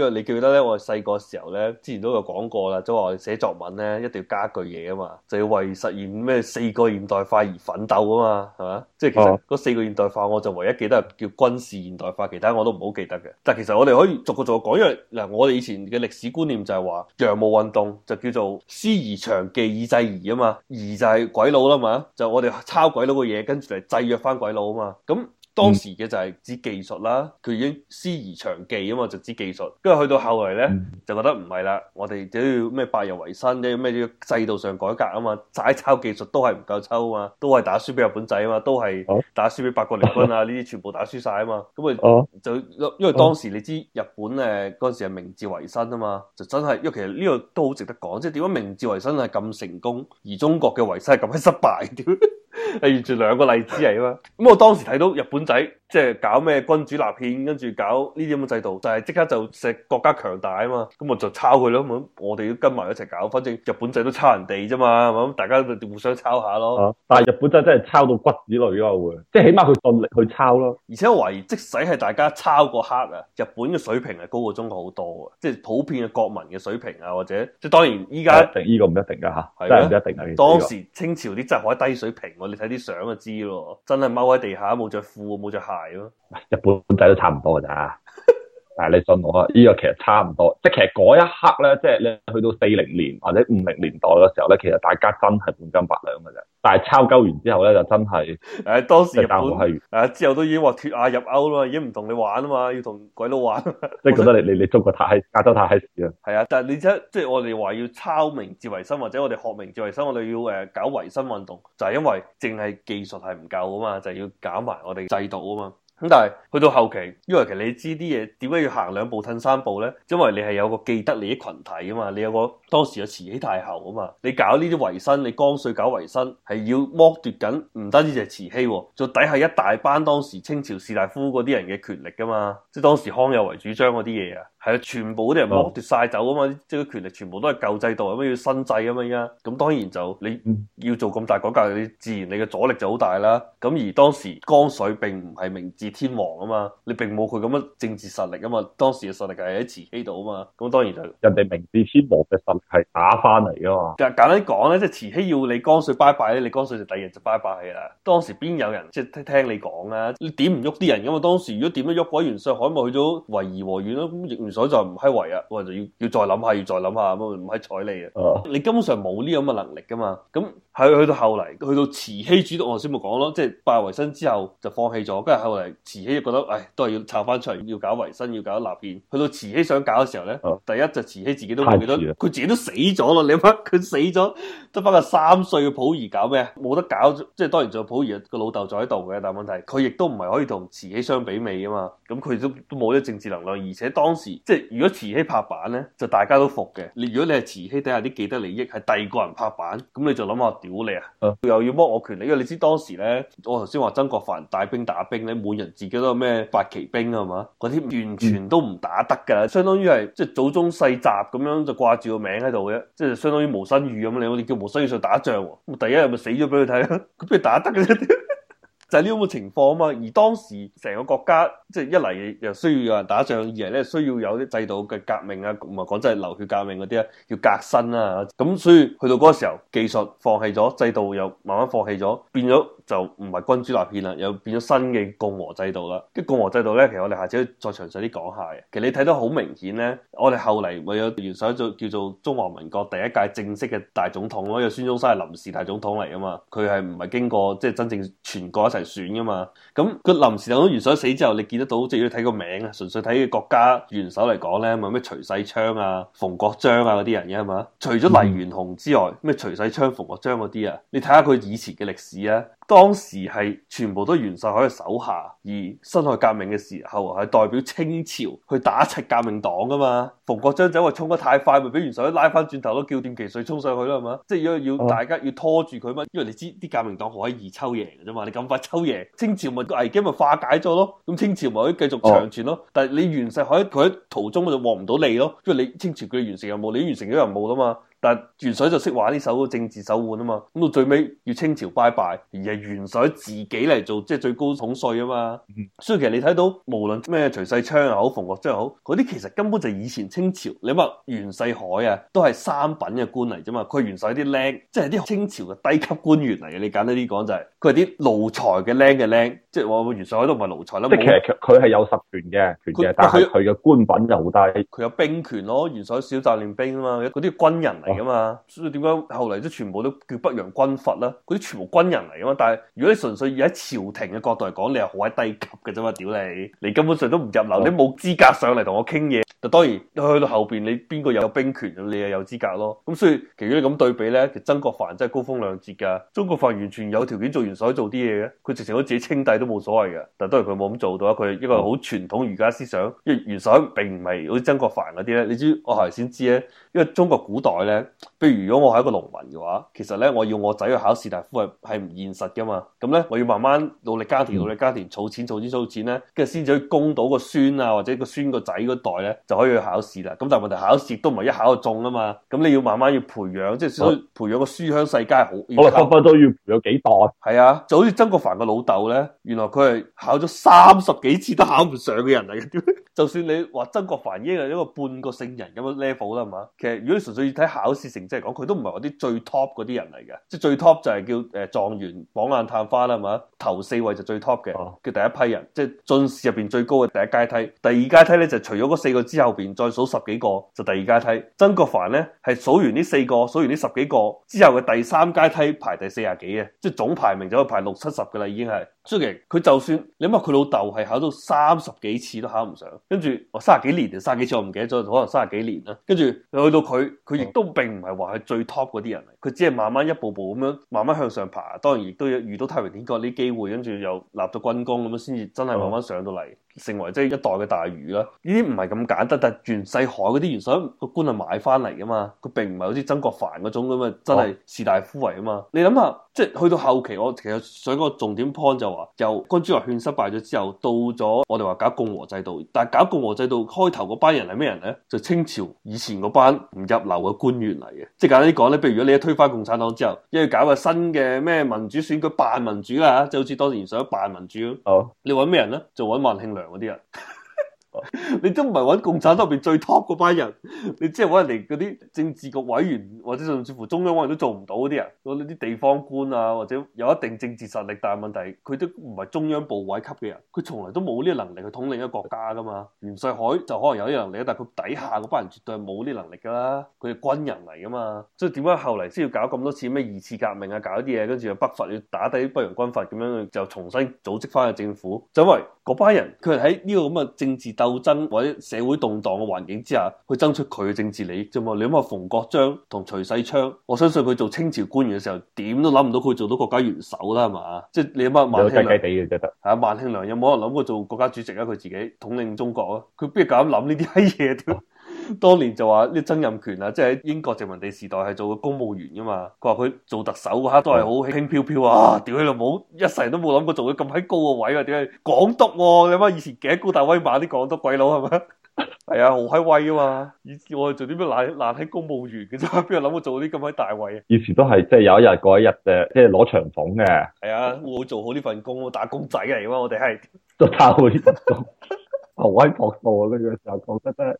因為你記得咧，我哋細個時候咧，之前都有講過啦，即係話寫作文咧一定要加一句嘢，啊嘛，就要為實現咩四個現代化而奮鬥啊嘛，係嘛？即係其實嗰四個現代化，我就唯一記得係叫軍事現代化，其他我都唔好記得嘅。但係其實我哋可以逐個逐個講，因為嗱，我哋以前嘅歷史觀念就係話，洋務運動就叫做師夷長技以制夷啊嘛，夷就係鬼佬啦嘛，就我哋抄鬼佬嘅嘢，跟住嚟制約翻鬼佬啊嘛，咁。當時嘅就係指技術啦，佢已經師夷長技啊嘛，就指技術。跟住去到後來咧，就覺得唔係啦，我哋都要咩百日維新，咩要制度上改革啊嘛，齋抄技術都係唔夠抽啊嘛，都係打輸俾日本仔啊嘛，都係打輸俾八國聯軍啊，呢啲全部打輸晒啊嘛。咁啊就因為當時你知日本誒嗰陣時係明治維新啊嘛，就真係，因為其實呢個都好值得講，即係點解明治維新係咁成功，而中國嘅維新係咁樣失敗？ 係完全兩個例子嚟嘅嘛，咁我當時睇到日本仔。即係搞咩君主立憲，跟住搞呢啲咁嘅制度，就係即刻就食國家強大啊嘛！咁我就抄佢咯，咁我哋要跟埋一齊搞，反正日本仔都抄人哋啫嘛，咁大家互相抄下咯。啊、但係日本仔真係抄到骨子裡咯，會即係起碼佢盡力去抄咯。而且我懷疑，即使係大家抄過黑啊，日本嘅水平係高過中國好多嘅，即係普遍嘅國民嘅水平啊，或者即係當然依家定呢個唔一定㗎嚇，係啊，啊一定係。當時清朝啲真係好低水平喎、啊，你睇啲相就知咯，真係踎喺地下冇着褲冇着鞋。係咯，日本仔都差唔多噶咋。但係你信我啊，依、這個其實差唔多，即係其實嗰一刻咧，即係你去到四零年或者五零年代嘅時候咧，其實大家真係半斤八兩嘅啫。但係抄鳩完之後咧，就真係誒、啊、當時日本、啊、之後都已經話脫亞入歐啦，已經唔同你玩啊嘛，要同鬼佬玩。即係覺得你 你你中國太亞洲太蝦啊。係啊，但係你即係即係我哋話要抄明治維新，或者我哋學明治維新，我哋要誒搞維新運動，就係、是、因為淨係技術係唔夠啊嘛，就係、要搞埋我哋制度啊嘛。咁但係去到後期，因為其實你知啲嘢點解要行兩步褪三步咧？因為你係有個既得利益啲群體啊嘛。你有個當時嘅慈禧太后啊嘛，你搞呢啲維新，你光緒搞維新係要剝奪緊唔單止係慈禧啊，就底下一大班當時清朝士大夫嗰啲人嘅權力噶嘛，即係當時康有為主張嗰啲嘢啊。係啊，全部啲人剝奪晒走啊嘛，嗯、即係啲權力全部都係舊制度，咁要新制啊嘛依家。咁當然就你要做咁大改革，你自然你嘅阻力就好大啦。咁而當時江水並唔係明治天皇啊嘛，你並冇佢咁嘅政治實力啊嘛。當時嘅實力係喺慈禧度啊嘛。咁當然就是、人哋明治天皇嘅實力係打返嚟啊嘛。簡單講咧，即係慈禧要你江水拜拜咧，你江水就第二日就拜拜噶啦。當時邊有人即係、就是、聽你講啊？你點唔喐啲人噶嘛？當時如果點都喐嗰個袁世凱冇去咗維儀和院咯，咁亦。所以就唔開圍啊，我就要要再諗下，要再諗下，唔可睬你啊！Uh, 你根本上冇呢咁嘅能力噶嘛。咁係去到後嚟，去到慈禧主導我先冇講咯，即係拜維新之後就放棄咗。跟住後嚟慈禧就覺得，唉，都係要炒翻出嚟，要搞維新，要搞立憲。去到慈禧想搞嘅時候咧，uh, 第一就慈禧自己都唔記得，佢自己都死咗咯，你諗下，佢死咗。即係得返個三歲嘅溥儀搞咩啊？冇得搞，即係當然仲有溥儀個老豆就喺度嘅，但問題佢亦都唔係可以同慈禧相比美啊嘛。咁佢都都冇啲政治能量，而且當時即係如果慈禧拍板咧，就大家都服嘅。你如果你係慈禧底下啲既得利益係第二個人拍板，咁你就諗下屌你啊！又要剝我權利，因為你知當時咧，我頭先話曾國藩帶兵打兵咧，每人自己都有咩八旗兵啊嘛，嗰啲完全都唔打得㗎，相當於係即係祖宗世襲咁樣就掛住個名喺度嘅，即係相當於毛新宇咁樣，我哋叫。冇需要去打仗喎，咁第一日咪死咗俾佢睇咯，佢不如打得嘅， 就係呢咁嘅情況啊嘛。而當時成個國家即係一嚟又需要有人打仗，二嚟咧需要有啲制度嘅革命啊，唔係講真係流血革命嗰啲啊，要革新啊。咁所以去到嗰個時候，技術放棄咗，制度又慢慢放棄咗，變咗。就唔係君主立憲啦，又變咗新嘅共和制度啦。跟共和制度咧，其實我哋下次再詳細啲講下嘅。其實你睇到好明顯咧，我哋後嚟咪有元首就叫做中華民國第一屆正式嘅大總統咯。因為孫中山係臨時大總統嚟㗎嘛，佢係唔係經過即係、就是、真正全國一齊選噶嘛？咁佢臨時大總統元首死之後，你見得到即係要睇個名啊，純粹睇個國家元首嚟講咧，咪咩徐世昌啊、馮國璋啊嗰啲人嘅係嘛？除咗黎元洪之外，咩徐世昌、馮國璋嗰啲啊，你睇下佢以前嘅歷史啊。當時係全部都係袁世凱嘅手下，而辛亥革命嘅時候係代表清朝去打齊革命黨噶嘛？馮國璋就話衝得太快，咪俾袁世凱拉翻轉頭咯，叫點奇水衝上去啦，係嘛？即係如果要大家要拖住佢嘛，因為你知啲革命黨可以易抽贏嘅啫嘛，你咁快抽贏，清朝咪個危機咪化解咗咯？咁清朝咪可以繼續長存咯。但係你袁世凱佢喺途中就獲唔到利咯，因為你清朝佢完成任務，你完成咗任務啦嘛。但袁水就識玩呢首政治手腕啊嘛，咁到最尾要清朝拜拜，而係袁水自己嚟做即係最高統帥啊嘛，嗯、所以其實你睇到無論咩徐世昌又、啊、好馮國璋又好，嗰啲其實根本就以前清朝你話袁世凱啊，都係三品嘅官嚟啫嘛。佢袁水啲僆，即係啲清朝嘅低級官員嚟嘅，你簡單啲講就係佢係啲奴才嘅僆嘅僆。即係話袁世凱都唔係奴才啦，其實佢佢係有實權嘅，權嘅，他但係佢嘅官品就好低。佢有兵權咯，袁世凱小站練兵啊嘛，嗰啲軍人嚟噶嘛，啊、所以點解後嚟都全部都叫北洋軍閥啦？嗰啲全部軍人嚟噶嘛，但係如果你純粹而喺朝廷嘅角度嚟講，你係好喺低級嘅啫嘛，屌你，你根本上都唔入流，啊、你冇資格上嚟同我傾嘢。就當然，去到後邊你邊個有兵權，你又有資格咯。咁所以，其實你咁對比咧，其實曾國藩真係高風亮節噶。曾國藩完全有條件做元帥做啲嘢嘅，佢直情好自己稱帝都冇所謂嘅。但當然，佢冇咁做到啊。佢一個好傳統儒家思想，因為元帥並唔係好似曾國藩嗰啲咧。你知我頭先知咧，因為中國古代咧，譬如如果我係一個農民嘅話，其實咧我要我仔去考士大夫係唔現實噶嘛。咁咧我要慢慢努力耕田，努力耕田，儲錢儲錢儲錢咧，跟住先至去供到個孫啊，或者個孫個仔嗰代咧，就可以去考試啦，咁但係問題考試都唔係一考就中啊嘛，咁你要慢慢要培養，吧即係培養個書香世家好。好啦，咁咪都要培養幾代。係啊，就好似曾國藩個老豆咧，原來佢係考咗三十幾次都考唔上嘅人嚟嘅。 就算你話曾國藩應係一個半個聖人咁樣 level 啦，係嘛？其實如果純粹要睇考試成績嚟講，佢都唔係嗰啲最 top 嗰啲人嚟嘅，即係最 top 就係叫誒狀元榜眼探花啦，係嘛？頭四位就最 top 嘅，叫好第一批人，即係進士入邊最高嘅第一階梯。第二階梯咧就係、除咗嗰四個之後邊再數十幾個就第二階梯。曾國藩咧係數完呢四個，數完呢十幾個之後嘅第三階梯排第四廿幾嘅，即係總排名就可以排六七十嘅啦，已經係。所以其實佢就算你諗下，佢老豆係考到三十幾次都考唔上，跟住我卅幾年卅幾次我唔記得咗，可能卅幾年啦。跟住去到佢，佢亦都並唔係話係最 top 嗰啲人，佢只係慢慢一步步咁樣慢慢向上爬。當然亦都要遇到太平天國呢啲機會，跟住又立咗軍功咁樣，先至真係慢慢上到嚟。嗯成為即係一代嘅大魚啦！呢啲唔係咁簡單，但係袁世凱嗰啲元所個官係買翻嚟㗎嘛，佢並唔係好似曾國藩嗰種咁啊，真係士大夫嚟㗎嘛！哦，你諗下。即係去到後期，我其實想講個重點 point 就話，由光緒話勸失敗咗之後，到咗我哋話搞共和制度，但係搞共和制度開頭個班人係咩人咧？就清朝以前個班唔入流嘅官員嚟嘅。即係簡單啲講咧，譬如如果你一推翻共產黨之後，一要搞一個新嘅咩民主選舉，扮民主啊，即係好似當年想扮民主，好，oh. 你揾咩人咧？就揾萬慶良嗰啲人。 oh. 你都唔係揾共產黨入邊最 top 嗰班人，你即係揾人嚟嗰啲政治局委員，或者甚至乎中央委員都做唔到嗰啲人，嗰啲地方官啊，或者有一定政治實力，但係問題佢都唔係中央部委級嘅人，佢從來都冇呢個能力去統領一個國家㗎嘛。袁世凱就可能有呢個能力，但係佢底下嗰班人絕對係冇呢啲能力㗎啦，佢係軍人嚟㗎嘛。所以點解後嚟先要搞咁多次咩二次革命啊，搞啲嘢，跟住又北伐要打低啲北洋軍閥咁樣，就重新組織翻個政府？就因為嗰班人，佢係喺呢個咁嘅政治鬥爭，或者社會動盪嘅環境之下，去爭取佢嘅政治利益啫嘛。就是、你諗下馮國璋同徐世昌，我相信佢做清朝官員嘅時候，點都諗唔到佢做到國家元首啦，係嘛？即係你諗下萬慶良嘅啫得。係啊，萬慶良有冇人諗過做國家主席啊？佢自己統領中國啊？佢邊夠膽諗呢啲嘢？當年就話啲曾蔭權啊，即係喺英國殖民地時代係做個公務員噶嘛。佢話佢做特首嗰刻都係好輕飄飄啊！屌起老母，一世人都冇諗過做咗咁閪高個位，啊啊 啊位，啊、位啊！點解港督喎你媽以前頸高大威猛啲港督鬼佬係咪？係啊，好閪威啊嘛！以前我哋做啲咩爛爛喺公務員嘅啫，邊度諗過做啲咁閪大位？以前都係即係有一日過一日嘅，即係攞長俸嘅。係啊，我做好呢份工，我打工仔嚟，噶嘛，我哋係做透呢份工，好閪搏度啊！呢， 呢個時候講得真係。